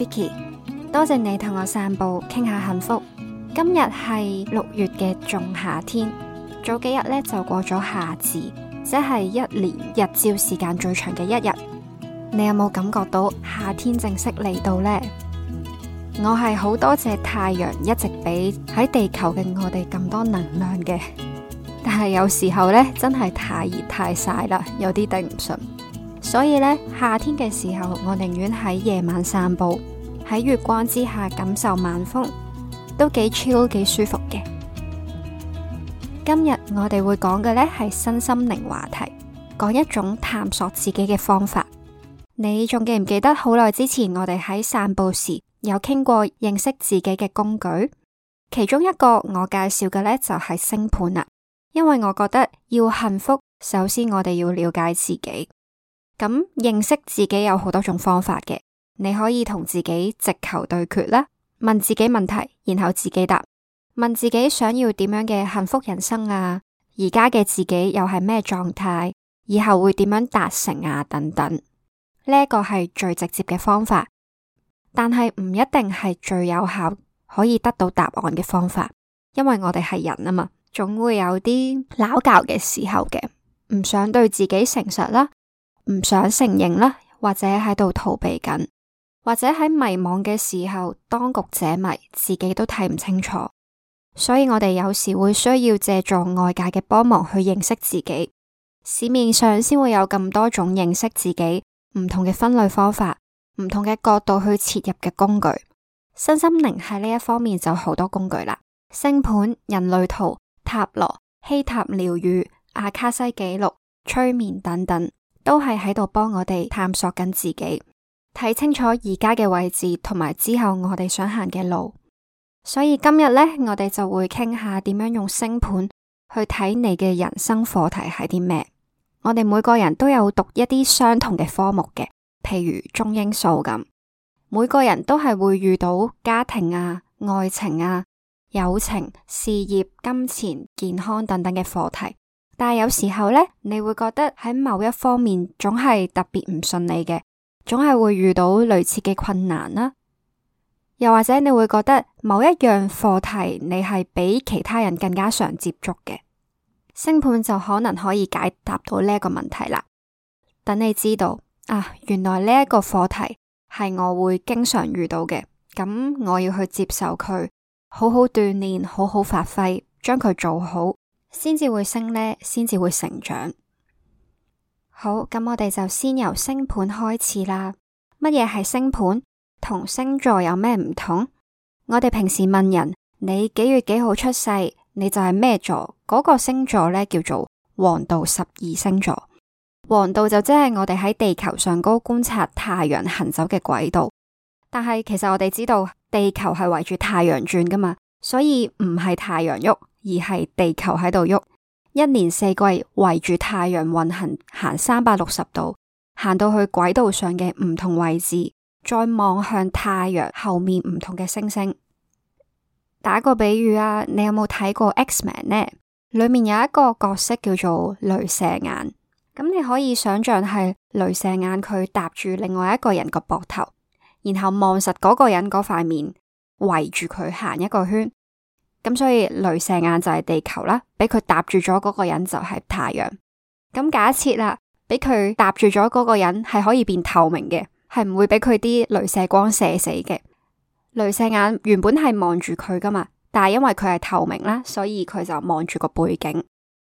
Vicky，多謝你同我散步，傾下幸福。今日係六月嘅仲夏天，早幾日呢就過咗夏至，即係一年日照時間最長嘅一日。你有冇感覺到夏天正式嚟到呢？我係好多謝太陽一直俾喺地球嘅我哋咁多能量嘅，但係有時候呢，真係太熱太曬啦，有啲頂唔順。所以呢，夏天嘅時候，我寧願喺夜晚散步，喺月光之下感受晚風，都幾 chill 幾舒服嘅。今日我哋會講嘅呢係身心靈話題，講一種探索自己嘅方法。你仲記唔記得好耐之前，我哋喺散步時有傾過認識自己嘅工具？其中一個我介紹嘅呢就係星盤啦，因為我覺得要幸福，首先我哋要了解自己。咁認識自己有好多種方法嘅，你可以同自己直球對決啦，問自己問題，然後自己答，問自己想要點樣嘅幸福人生啊，而家嘅自己又係咩狀態，以後會點樣達成啊，等等。呢、這、一個係最直接嘅方法，但係唔一定係最有效可以得到答案嘅方法，因為我哋係人啊嘛，總會有啲拗撬嘅時候嘅，唔想對自己誠實啦。唔想承認啦，或者喺度逃避緊，或者喺迷茫嘅時候當局者迷，自己都睇唔清楚，所以我哋有時會需要借助外界嘅幫忙去認識自己。市面上先會有咁多種認識自己唔同嘅分類方法，唔同嘅角度去切入嘅工具。身心靈喺呢一方面就好多工具啦，星盤、人類圖、塔羅、希塔療癒、阿卡西記錄、催眠等等。都係喺度幫我哋探索緊自己，睇清楚而家嘅位置同埋之後我哋想行嘅路。所以今日呢，我哋就會傾下點樣用星盤去睇你嘅人生課題係啲咩。我哋每個人都有讀一啲相同嘅科目嘅，譬如中英數咁，每個人都係會遇到家庭啊、愛情啊、友情、事業、金錢、健康等等嘅課題。但係有時候呢，你會覺得喺某一方面總係特別唔順利嘅，總係會遇到類似嘅困難啦，啊。又或者你會覺得某一樣課題你係比其他人更加常接觸嘅，星盤就可能可以解答到呢一個問題啦。等你知道啊，原來呢一個課題係我會經常遇到嘅，咁我要去接受佢，好好鍛煉，好好發揮，將佢做好。先至會升呢，先至會成長。好，咁我哋就先由星盤開始啦。乜嘢係星盤？同星座有咩唔同？我哋平時問人，你幾月幾號出世，你就係咩座？嗰個星座呢，叫做黃道十二星座。黃道就即係我哋喺地球上高觀察太陽行走嘅軌道，但係其實我哋知道地球係圍住太陽轉噶嘛，所以唔係太陽喐。而係地球喺度喐，一年四季圍住太陽運行，行三百六十度，行到去軌道上嘅唔同位置，再望向太陽後面唔同嘅星星。打個比喻啊，你有冇睇過 X-Men 呢？裏面有一個角色叫做鐳射眼，咁你可以想象係鐳射眼佢搭住另外一個人個膊頭，然後望實嗰個人嗰塊面，圍住佢行一個圈。咁所以鐳射眼就係地球啦，俾佢搭住咗嗰個人就係太陽。咁假設啦、啊，俾佢搭住咗嗰個人係可以變透明嘅，係唔會俾佢啲鐳射光射死嘅。鐳射眼原本係望住佢噶嘛，但係因為佢係透明啦，所以佢就望住個背景。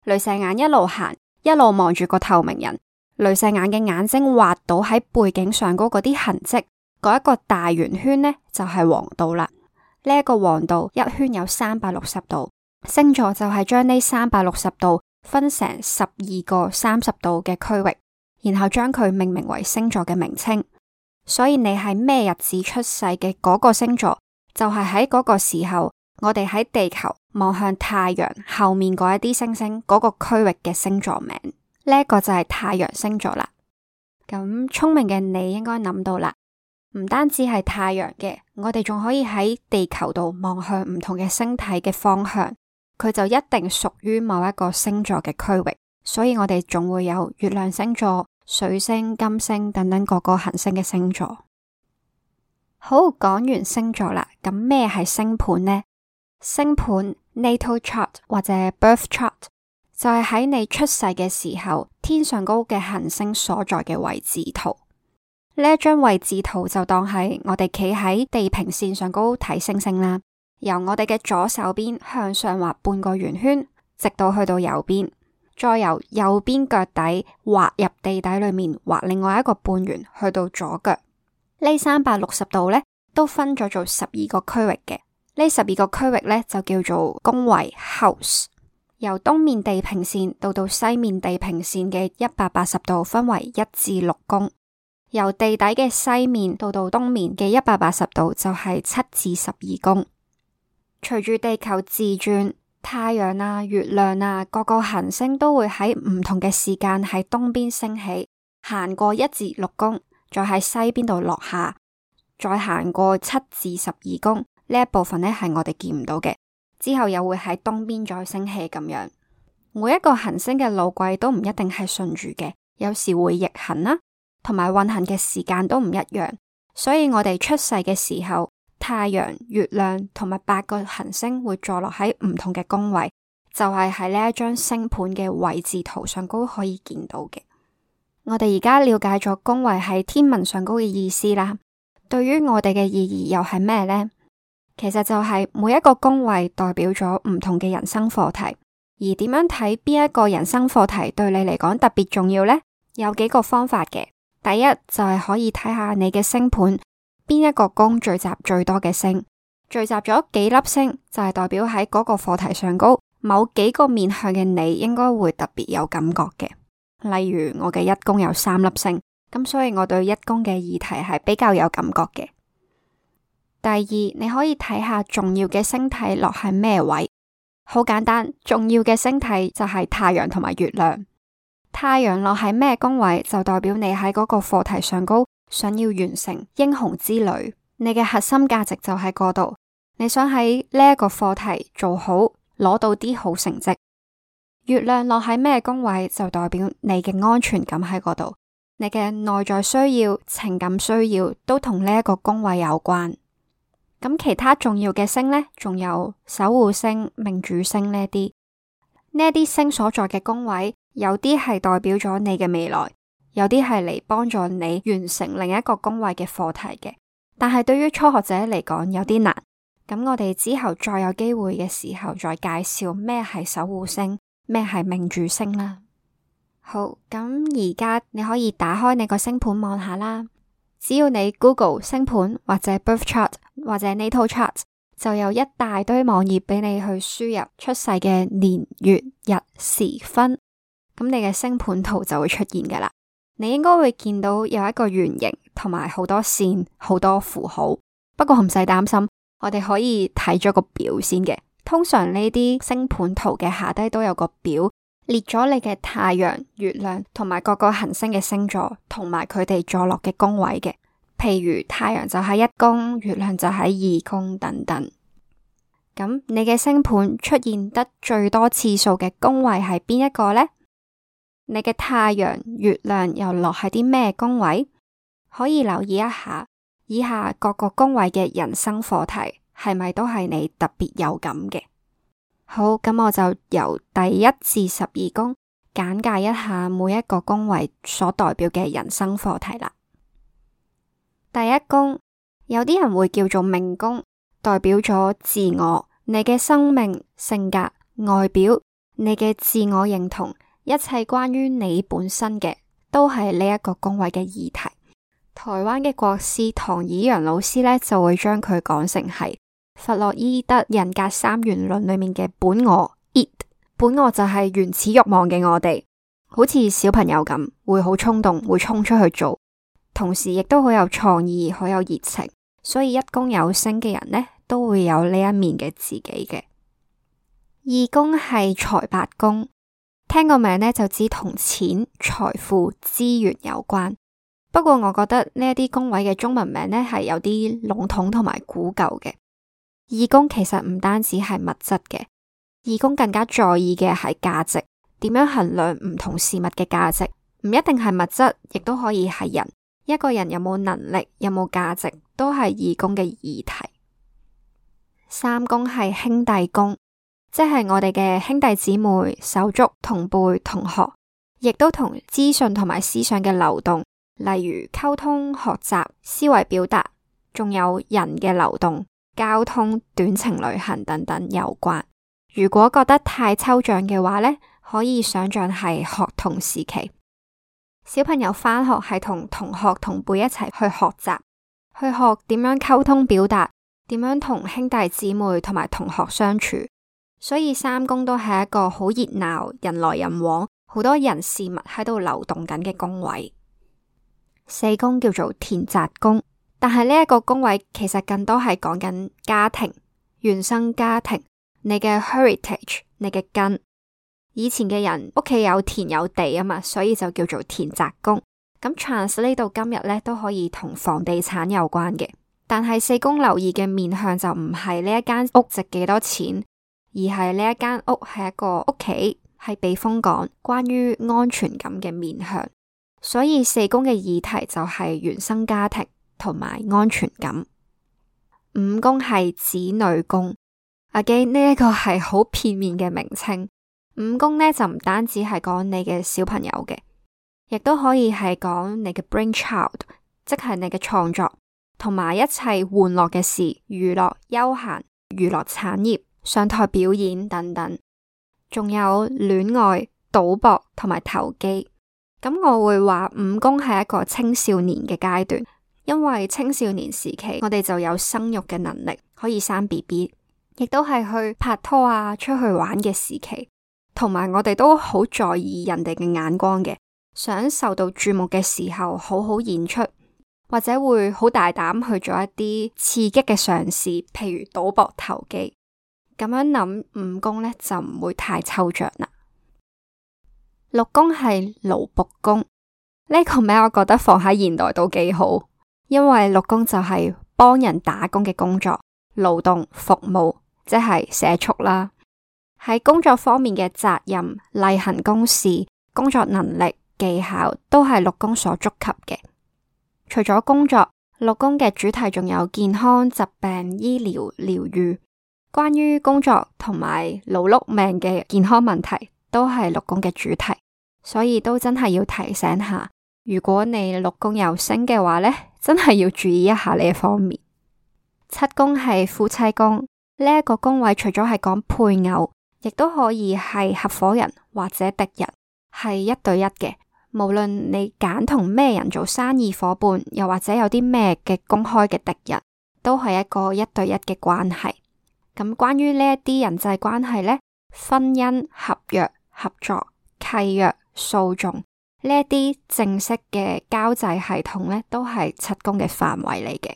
鐳射眼一路行，一路望住個透明人。鐳射眼嘅眼睛畫到喺背景上嗰嗰啲痕跡，嗰一個大圓圈呢，就係、是、黃道啦。呢一個黃道一圈有三百六十度，星座就係將呢三百六十度分成十二個三十度嘅區域，然後將佢命名為星座嘅名稱。所以你係咩日子出世嘅嗰個星座，就係喺嗰個時候，我哋喺地球望向太陽後面嗰一啲星星嗰個區域嘅星座名。呢一個就係太陽星座啦。咁聰明嘅你應該諗到啦。唔單止係太陽嘅，我哋仲可以喺地球度望向唔同嘅星體嘅方向，佢就一定屬於某一個星座嘅區域。所以我哋總會有月亮星座、水星、金星等等各個行星嘅星座。好，講完星座啦，咁咩係星盤呢？星盤 （natal chart） 或者 birth chart 就係喺你出世嘅時候，天上高嘅行星所在嘅位置圖。呢一張位置圖就當係我哋企喺地平線上高睇星星啦。由我哋嘅左手邊向上畫半個圓圈，直到去到右邊，再由右邊腳底畫入地底裏面，畫另外一個半圓去到左腳。呢三百六十度呢都分咗做十二個區域嘅。呢十二個區域呢就叫做宮位 （house）。由東面地平線到到西面地平線嘅一百八十度，分為一至六宮。由地底嘅西面到到東面嘅一百八十度就係七至十二宮。隨住地球自轉，太陽啊、月亮啊、各個行星都會喺唔同嘅時間喺東邊升起，行過一至六宮，再喺西邊度落下，再行過七至十二宮，呢一部分呢係我哋見唔到嘅。之後又會喺東邊再升起咁樣。每一個行星嘅路軌都唔一定係順住嘅，有時會逆行啦。同埋運行嘅時間都唔一樣，所以我哋出世嘅時候，太陽、月亮同埋八個行星會坐落喺唔同嘅宮位，就係喺呢一張星盤嘅位置圖上高可以見到嘅。我哋而家了解咗宮位喺天文上高嘅意思啦。對於我哋嘅意義又係咩呢？其實就係每一個宮位代表咗唔同嘅人生課題，而點樣睇邊一個人生課題對你嚟講特別重要呢？有幾個方法嘅。第一就係可以睇下你嘅星盤邊一個宮聚集最多嘅星，聚集咗幾粒星就係代表喺嗰個課題上高某幾個面向嘅你應該會特別有感覺嘅。例如我嘅一宮有三粒星，咁所以我對一宮嘅議題係比較有感覺嘅。第二，你可以睇下重要嘅星體落喺咩位。好簡單，重要嘅星體就係太陽同埋月亮。太陽落喺咩宮位，就代表你喺嗰個課題上高，想要完成英雄之旅。你嘅核心價值就喺嗰度，你想喺呢一個課題做好，攞到啲好成績。月亮落喺咩宮位，就代表你嘅安全感喺嗰度，你嘅內在需要、情感需要都同呢一個宮位有關。咁其他重要嘅星呢，仲有守護星、命主星呢啲，呢啲星所在嘅宮位。有啲係代表咗你嘅未來，有啲係嚟幫助你完成另一個宮位嘅課題嘅。但係對於初學者嚟講有啲難，咁我哋之後再有機會嘅時候再介紹咩係守護星，咩係命主星啦。好，咁而家你可以打開你個星盤望下啦。只要你 Google 星盤或者 Birth Chart 或者 natal chart，就有一大堆網頁俾你去輸入出世嘅年月日時分。咁你嘅星盤圖就會出現㗎喇，你應該會見到有一個圓形同埋好多線、好多符號。不過唔使擔心，我哋可以睇咗個表先嘅。通常呢啲星盤圖嘅下低都有個表列咗你嘅太陽、月亮同埋各個行星嘅星座同埋佢哋坐落嘅宮位嘅。譬如太陽就喺一宮，月亮就喺二宮等等。咁你嘅星盤出現得最多次數嘅宮位係邊一個呢？你嘅太陽、月亮又落喺啲咩宮位？可以留意一下以下各個宮位嘅人生課題係咪都係你特別有感嘅？好，咁我就由第一至十二宮簡介一下每一個宮位所代表嘅人生課題啦。第一宮有啲人會叫做命宮，代表咗自我、你嘅生命、性格、外表、你嘅自我認同。一切關於你本身嘅，都係呢一個宮位嘅議題。台灣嘅國師唐綺陽老師呢，就會將佢講成係弗洛伊德人格三元論裏面嘅本我。it 本我就係原始欲望嘅我哋，好似小朋友咁，會好衝動，會衝出去做，同時亦都好有創意，好有熱情。所以一宮有星嘅人呢，都會有呢一面嘅自己嘅。二宮係財帛宮。聽個名咧就知同錢、財富、資源有關。不過我覺得呢一啲宮位嘅中文名咧係有啲籠統同埋古舊嘅。二宮其實唔單止係物質嘅，二宮更加在意嘅係價值，點樣衡量唔同事物嘅價值，唔一定係物質，亦都可以係人。一個人有冇能力，有冇價值，都係二宮嘅議題。三宮係兄弟宮。即係我哋嘅兄弟姊妹、手足、同輩、同學，亦都同資訊同埋思想嘅流動，例如溝通、學習、思維表達，仲有人嘅流動、交通、短程旅行等等有關。如果覺得太抽象嘅話呢，可以想象係學童時期，小朋友翻學係同同學同輩一齊去學習，去學點樣溝通表達，點樣同兄弟姊妹同埋同學相處。所以三宮都係一個好熱鬧、人來人往、好多人事物喺度流動緊嘅宮位。四宮叫做田宅宮，但係呢一個宮位其實更多係講緊家庭、原生家庭、你嘅 heritage、你嘅根。以前嘅人屋企有田有地啊嘛，所以就叫做田宅宮。咁 translate 到今日呢都可以同房地產有關嘅，但係四宮留意嘅面向就唔係呢一間屋值幾多錢。而係呢一間屋係一個屋企，係避風港，關於安全感嘅面向。所以四宮嘅議題就係原生家庭同埋安全感。五宮係子女宮，Again，呢一個係好片面嘅名稱。五宮呢就唔單止係講你嘅小朋友嘅，亦都可以係講你嘅 brain child，即係你嘅創作同埋一切玩樂嘅事、娛樂、休閒、娛樂產業上台表演等等，仲有戀愛、賭博同埋投機。咁我會話五宮係一個青少年嘅階段，因為青少年時期我哋就有生育嘅能力，可以生 BB，亦都係去拍拖啊、出去玩嘅時期，同埋我哋都好在意人哋嘅眼光嘅，想受到注目嘅時候好好演出，或者會好大膽去做一啲刺激嘅嘗試，譬如賭博、投機。咁樣諗五宮咧，就唔會太抽象啦。六宮係勞僕宮，呢個名我覺得放喺現代都幾好，因為六宮就係幫人打工嘅工作、勞動、服務，即係社畜啦。喺工作方面嘅責任、例行公事、工作能力、技巧都係六宮所觸及嘅。除咗工作，六宮嘅主題仲有健康、疾病、醫療、療癒。關於工作同埋勞碌命嘅健康問題，都係六宮嘅主題，所以都真係要提醒下，如果你六宮有星嘅話咧，真係要注意一下呢一方面。七宮係夫妻宮，呢一個宮位除咗係講配偶，亦都可以係合夥人或者敵人，係一對一嘅。無論你揀同咩人做生意夥伴，又或者有啲咩嘅公開嘅敵人，都係一個一對一嘅關係。咁關於呢一啲人際關係咧、婚姻合約、合作契約、訴訟呢一啲正式嘅交際系統咧，都係七宮嘅範圍嚟嘅。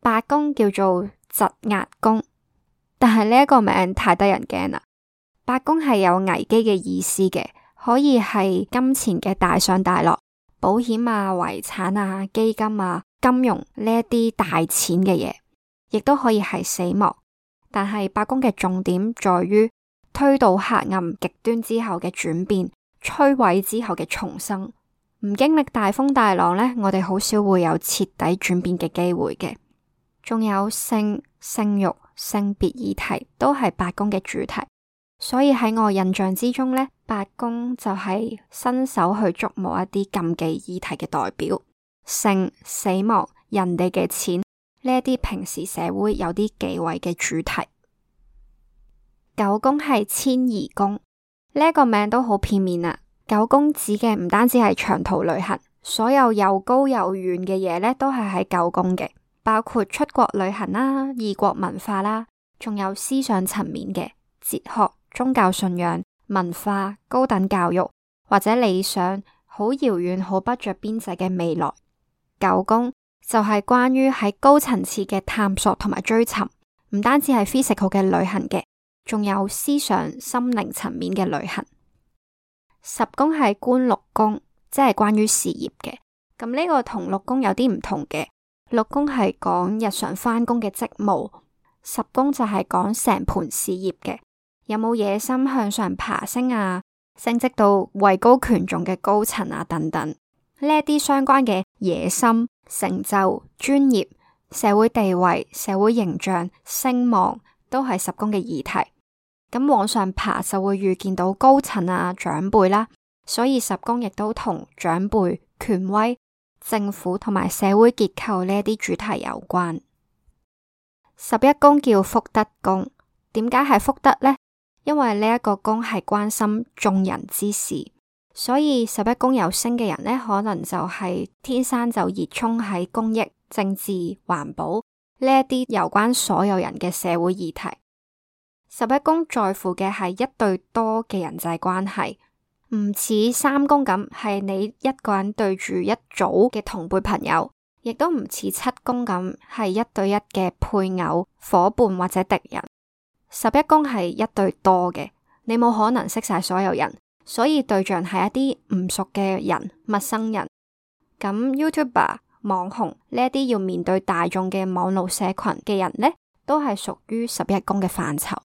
八宮叫做疾厄宮，但係呢一個名太得人驚啦。八宮係有危機嘅意思嘅，可以係金錢嘅大上大落、保險啊、遺產啊、基金啊、金融呢一啲大錢嘅嘢，亦都可以係死亡。但係八宮嘅重點在於推到黑暗極端之後嘅轉變，摧毀之後嘅重生。唔經歷大風大浪呢，我哋好少會有徹底轉變嘅機會嘅。仲有性、性慾、性別議題都係八宮嘅主題。所以喺我印象之中呢，八宮就係伸手去觸摸一啲禁忌議題嘅代表，性、死亡、人哋嘅錢。呢一啲平時社會有啲忌諱嘅主題，九宮係遷移宮，呢個名都好片面啊。九宮指嘅唔單止係長途旅行，所有又高又遠嘅嘢咧，都係喺九宮嘅，包括出國旅行啦、異國文化啦，仲有思想層面嘅哲學、宗教信仰、文化、高等教育或者理想，好遙遠、好不着邊際嘅未來，九宮。就係關於喺高層次嘅探索同埋追尋，唔單止係 physical 嘅旅行嘅，仲有思想、心靈層面嘅旅行。十宮係官六宮，即係關於事業嘅。咁呢個同六宮有啲唔同嘅。六宮係講日常返工嘅職務，十宮就係講成盤事業嘅，有冇野心向上爬升啊，升職到位高權重嘅高層啊，等等呢一啲相關嘅野心。成就、專業、社會地位、社會形象、聲望，都係十宮嘅議題。咁往上爬就會遇見到高層啊、長輩啦、啊，所以十宮亦都同長輩、權威、政府同埋社會結構呢啲主題有關。十一宮叫福德宮，點解係福德呢？因為呢一個宮係關心眾人之事。所以十一宮有星嘅人呢，可能就係天生就熱衷喺公益、政治、環保呢一啲有關所有人嘅社會議題。十一宮在乎嘅係一對多嘅人際關係，唔似三宮咁係你一個人對住一組嘅同輩朋友，亦都唔似七宮咁係一對一嘅配偶、伙伴或者敵人。十一宮係一對多嘅，你冇可能識晒所有人。所以對象係一啲唔熟嘅人、陌生人。咁 YouTuber 網紅呢啲要面對大眾嘅網絡社群嘅人呢，都係屬於十一宮嘅範疇。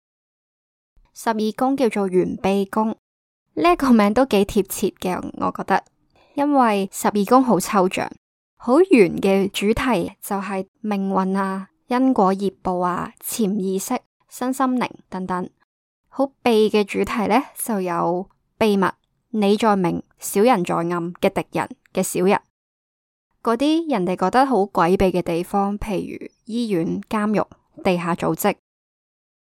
十二宮叫做玄秘宮，呢、這個名都幾貼切嘅，我覺得。因為十二宮好抽象，好玄嘅主題就係命運啊、因果業報啊、潛意識、身心靈等等。好秘嘅主題呢，就有。秘密，你在明，小人在暗嘅敵人嘅小人，嗰啲人哋覺得好詭秘嘅地方，譬如醫院、監獄、地下組織。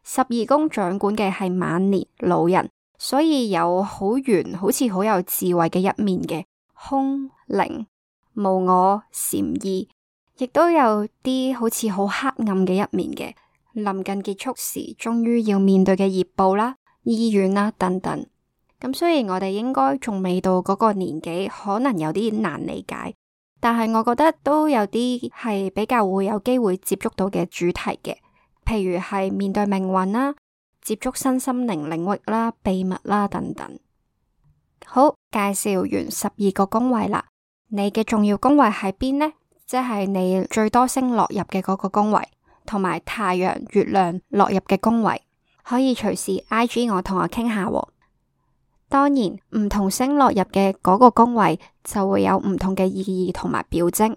十二宮掌管嘅係晚年老人，所以有好圓，好似好有智慧嘅一面嘅空靈無我禪意，亦都有啲好似好黑暗嘅一面嘅。臨近結束時，終於要面對嘅業報啦、醫院啦等等。咁雖然我哋應該仲未到嗰個年紀，可能有啲難理解，但係我覺得都有啲係比較會有機會接觸到嘅主題嘅，譬如係面對命運啦，接觸身心靈領域啦、秘密啦等等。好，介紹完十二個宮位啦，你嘅重要宮位喺邊呢？即係你最多星落入嘅嗰個宮位，同埋太陽、月亮落入嘅宮位，可以隨時 IG 我同我傾下。當然，唔同星落入嘅嗰個宮位就會有唔同嘅意義同埋表徵。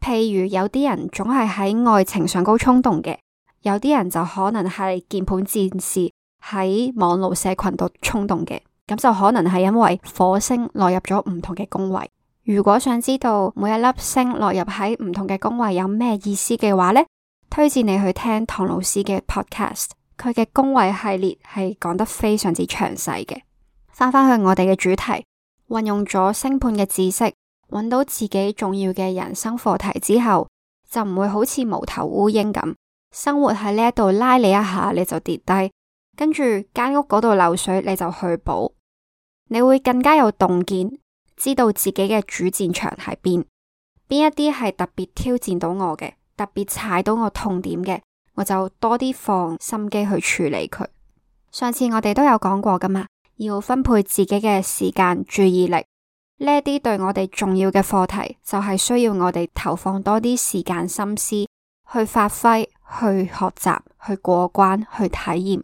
譬如，有啲人總係喺愛情上高衝動嘅，有啲人就可能係鍵盤戰士喺網絡社群度衝動嘅，咁就可能係因為火星落入咗唔同嘅宮位。如果想知道每一粒星落入喺唔同嘅宮位有咩意思嘅話呢，推薦你去聽唐老師嘅 podcast，佢嘅宮位系列係講得非常之詳細嘅。翻返去我哋嘅主題，運用咗星盤嘅知識，揾到自己重要嘅人生課題之後，就唔會好似無頭烏蠅咁，生活喺呢一度拉你一下你就跌低，跟住間屋嗰度漏水你就去補，你會更加有洞見，知道自己嘅主戰場喺邊，邊一啲係特別挑戰到我嘅，特別踩到我痛點嘅，我就多啲放心機去處理佢。上次我哋都有講過噶嘛。要分配自己嘅時間、注意力，呢一啲對我哋重要嘅課題，就係需要我哋投放多啲時間、心思去發揮、去學習、去過關、去體驗。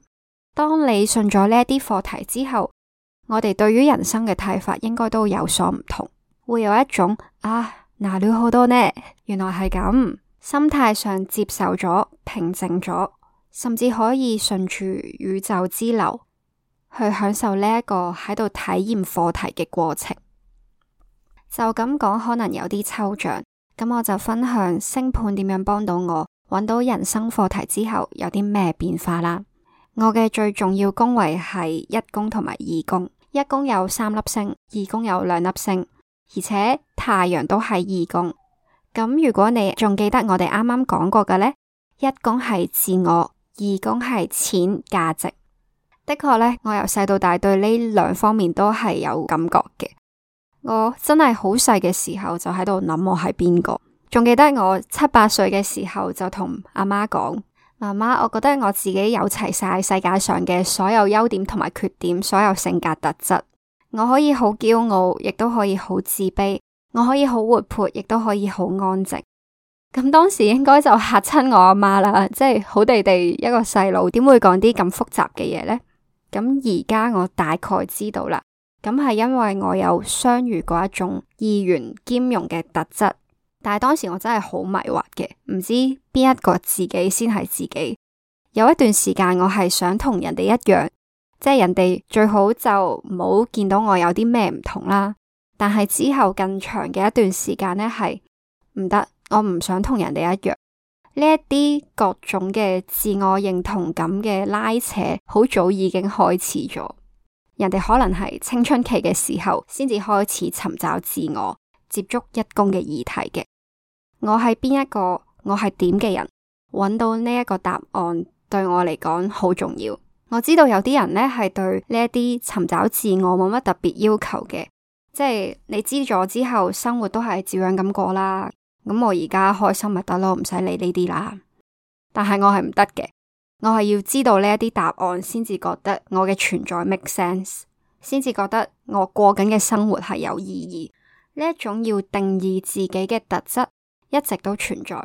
當你順咗呢一啲課題之後，我哋對於人生嘅睇法應該都有所唔同，會有一種啊，拿了好多呢，原來係咁，心態上接受咗、平靜咗，甚至可以順住宇宙之流。去享受呢一個喺度體驗課題嘅過程，就咁講可能有啲抽象，咁我就分享星盤點樣幫到我揾到人生課題之後有啲咩變化啦。我嘅最重要宮位係一宮同埋二宮，一宮有三粒星，二宮有兩粒星，而且太陽都係二宮。咁如果你仲記得我哋啱啱講過嘅呢，一宮係自我，二宮係錢價值。的確咧，我由細到大對呢兩方面都係有感覺嘅。我真係好細嘅時候就喺度諗我係邊個。仲記得我七八歲嘅時候就同阿媽講：媽媽，我覺得我自己有齊晒世界上嘅所有優點同埋缺點，所有性格特質。我可以好驕傲，亦都可以好自卑；我可以好活潑，亦都可以好安靜。咁當時應該就吓親我阿媽啦，即係好地地一個細路，點會講啲咁複雜嘅嘢呢？咁而家我大概知道啦，咁係因為我有雙魚嗰一種意源兼容嘅特質，但係當時我真係好迷惑嘅，唔知邊一個自己先係自己。有一段時間我係想同人哋一樣，即係人哋最好就冇見到我有啲咩唔同啦。但係之後更長嘅一段時間呢，係唔得，我唔想同人哋一樣。呢一啲各種嘅自我認同感嘅拉扯，好早已經開始咗。人哋可能係青春期嘅時候，先至開始尋找自我、接觸一宮嘅議題嘅。我係邊一個？我係點嘅人？揾到呢一個答案對我嚟講好重要。我知道有啲人呢係對呢一啲尋找自我冇乜特別要求嘅，即係你知咗之後，生活都係照樣咁過啦。咁我而家開心咪得咯，唔使理呢啲啦。但係我係唔得嘅，我係要知道呢一啲答案先至覺得我嘅存在 make sense，先至覺得我過緊嘅生活係有意義。呢一種要定義自己嘅特質一直都存在，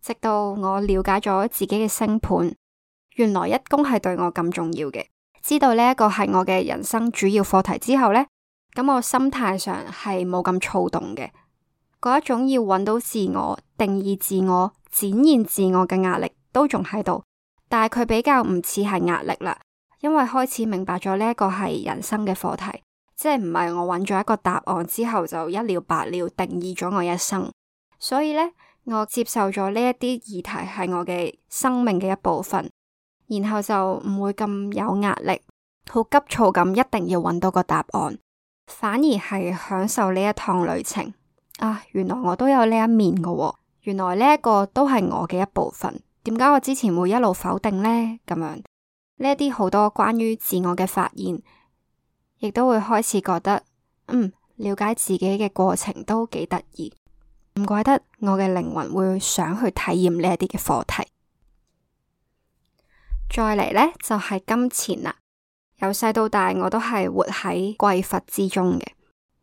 直到我了解咗自己嘅星盤，原來一宮係對我咁重要嘅。知道呢一個係我嘅人生主要課題之後呢，咁我心態上係冇咁躁動嘅。嗰一種要揾到自我、定義自我、展現自我嘅壓力都仲喺度，但係佢比較唔似係壓力啦，因為開始明白咗呢一個係人生嘅課題，即係唔係我揾咗一個答案之後就一了百了，定義咗我一生。所以咧，我接受咗呢一啲議題係我嘅生命嘅一部分，然後就唔會咁有壓力，好急躁咁一定要揾到個答案，反而係享受呢一趟旅程。啊，原來我都有呢一面㗎喎，原來呢一個都係我嘅一部分。點解我之前會一路否定呢？咁樣呢一啲好多關於自我嘅發現，亦都會開始覺得，嗯，了解自己嘅過程都幾得意。唔怪得我嘅靈魂會想去體驗呢一啲嘅課題。再嚟呢，就係金錢啦。由細到大，我都係活喺匱乏之中嘅。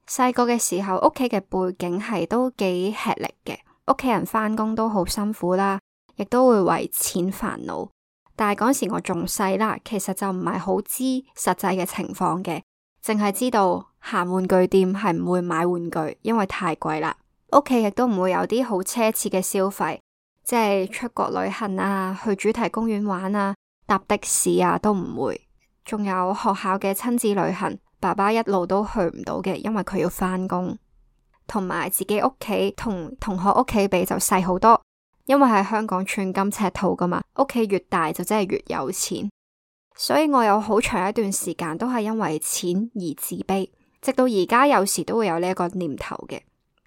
細個嘅時候，屋企嘅背景係都幾吃力嘅，屋企人返工都好辛苦啦，亦都會為錢煩惱。但係嗰時我仲細啦，其實就唔係好知實際嘅情況嘅，淨係知道，知道行玩具店係唔會買玩具，因為太貴啦。屋企亦都唔會有啲好奢侈嘅消費，即係出國旅行啊，去主題公園玩啊，搭的士啊都唔會。仲有學校嘅親子旅行。爸爸一路都去唔到嘅，因為佢要返工，同埋自己屋企同同學屋企比就細好多，因為喺香港寸金尺土噶嘛，屋企越大就真係越有錢，所以我有好長一段時間都係因為錢而自卑，直到而家有時都會有呢一個念頭嘅。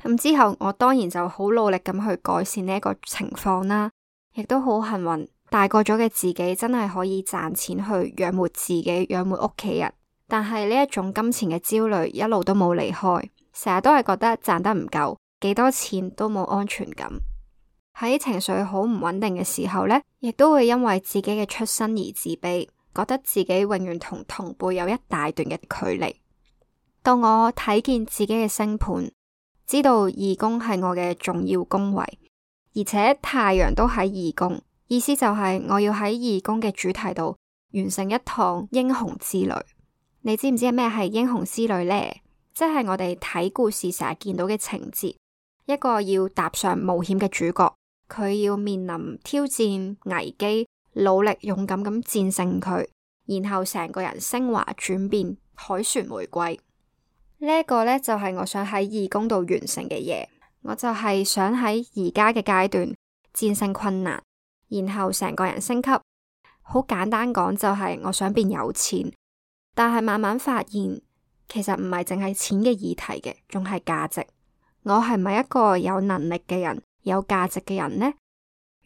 咁，嗯，之後我當然就好努力咁去改善呢一個情況啦，亦都好幸運，大個咗嘅自己真係可以賺錢去養活自己，養活屋企人。但係呢一種金錢嘅焦慮一路都冇離開，成日都係覺得賺得唔夠，幾多錢都冇安全感。喺情緒好唔穩定嘅時候呢，亦都會因為自己嘅出身而自卑，覺得自己永遠同同輩有一大段嘅距離。當我睇見自己嘅星盤，知道二宮係我嘅重要宮位，而且太陽都喺二宮，意思就係我要喺二宮嘅主題度完成一趟英雄之旅。你知唔知咩係英雄之旅呢？即係我哋睇故事成日見到嘅情節，一個要踏上冒險嘅主角，佢要面臨挑戰危機，努力勇敢咁戰勝佢，然後成個人升華轉變凱旋回歸。這個、呢一個呢就係、是、我想喺二宮度完成嘅嘢，我就係想喺而家嘅階段戰勝困難，然後成個人升級。好簡單講，就係我想變有錢。但係慢慢發現，其實唔係淨係錢嘅議題嘅，仲係價值。我係咪一個有能力嘅人，有價值嘅人呢？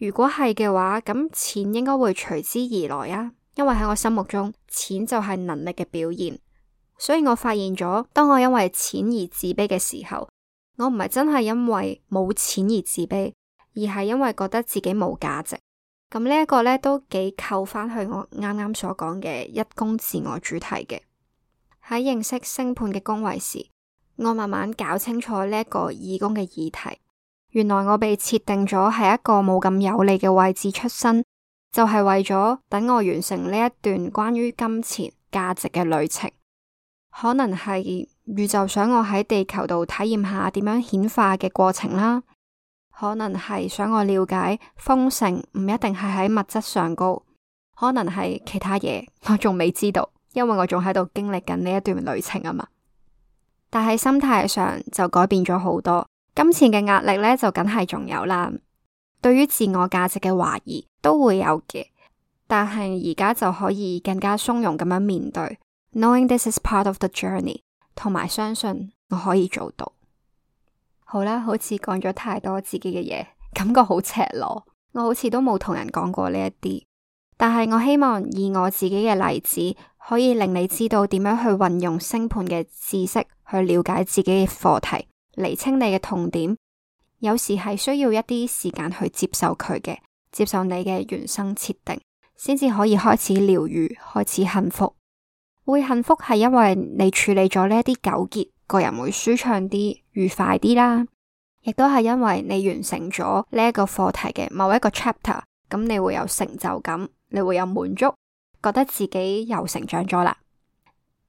如果係嘅話，咁錢應該會隨之而來啊！因為喺我心目中，錢就係能力嘅表現。所以我發現咗，當我因為錢而自卑嘅時候，我唔係真係因為冇錢而自卑，而係因為覺得自己冇價值。咁呢一個咧都幾扣翻去我啱啱所講嘅一宮自我主題嘅。喺認識星盤嘅宮位時，我慢慢搞清楚呢一個二宮嘅議題。原來我被設定咗係一個冇咁有，有利嘅位置出身，就係、是、為咗等我完成呢一段關於金錢價值嘅旅程。可能係宇宙想我喺地球度體驗下點樣顯化嘅過程啦。可能係想我了解豐盛唔一定係喺物質上高，可能係其他嘢，我仲未知道，因為我仲喺度經歷緊呢一段旅程啊嘛。但係心態上就改變咗好多，金錢嘅壓力呢就梗係仲有啦。對於自我價值嘅懷疑都會有嘅，但係而家就可以更加鬆容咁樣面對。Knowing this is part of the journey，同埋相信我可以做到。好啦，好似講咗太多自己嘅嘢，感覺好赤裸。我好似都冇同人講過呢一啲，但係我希望以我自己嘅例子，可以令你知道點樣去運用星盤嘅知識去了解自己嘅課題，厘清你嘅痛點。有時係需要一啲時間去接受佢嘅，接受你嘅原生設定，先至可以開始療癒，開始幸福。會幸福係因為你處理咗呢一啲糾結。個人會舒暢啲、愉快啲啦，亦都係因為你完成咗呢一個課題嘅某一個 chapter，咁你會有成就感，你會有滿足，覺得自己又成長咗啦。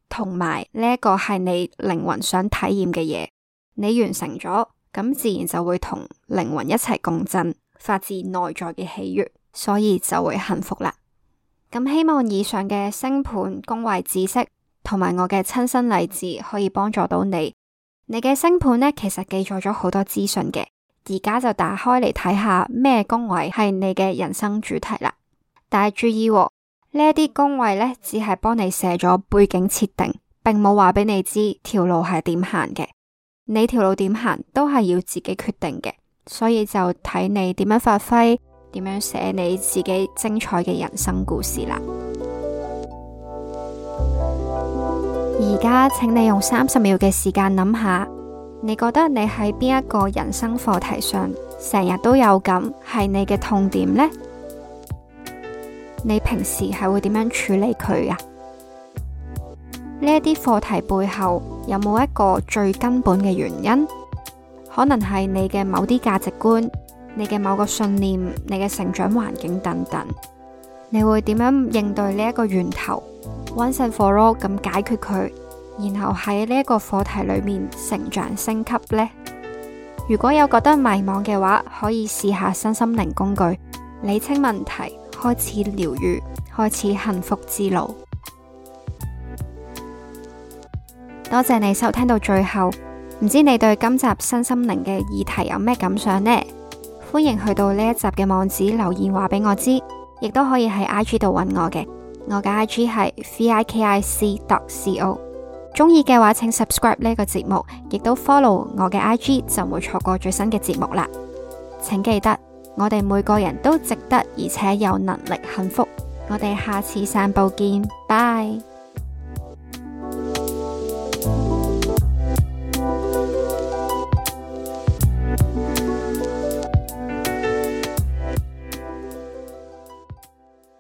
同埋呢一個係你靈魂想體驗嘅嘢，你完成咗，咁自然就會同靈魂一齊共振，發自內在嘅喜悅，所以就會幸福啦。咁、嗯、希望以上嘅星盤宮位知識。同埋我嘅親身例子，可以幫助到你。你嘅星盤呢，其實記載咗好多資訊嘅，而家就打開嚟睇下咩宮位係你嘅人生主題啦。但係注意，哦，呢一啲宮位呢，只係幫你寫咗背景設定，並冇話俾你知條路係點行嘅。你條路點行都係要自己決定嘅，所以就睇你點樣發揮，點樣寫你自己精彩嘅人生故事啦。而家，請你用三十秒嘅時間諗下，你覺得你喺邊一個人生課題上成日都有咁，係你嘅痛點呢？你平時係會點樣處理佢啊？呢一啲課題背後有冇一個最根本嘅原因？可能係你嘅某啲價值觀、你嘅某個信念、你嘅成長環境等等，你會點樣應對呢一個源頭？once and for all 咁解決佢，然後喺呢一個課題裏面成長升級呢？如果有覺得迷茫嘅話，可以試下身心靈工具理清問題，開始療癒，開始幸福之路。多謝你收聽到最後，唔知你對今集身心靈嘅議題有咩感想呢？歡迎去到呢一集嘅網址留言話俾我知，亦都可以喺 IG 度搵我嘅。我嘅 I G 係 v i k i c dot c o，中意嘅話請 subscribe 呢個節目，亦都 follow 我嘅 I G，就唔會錯過最新嘅節目啦。請記得，我哋每個人都值得而且有能力幸福。我哋下次散步見，拜。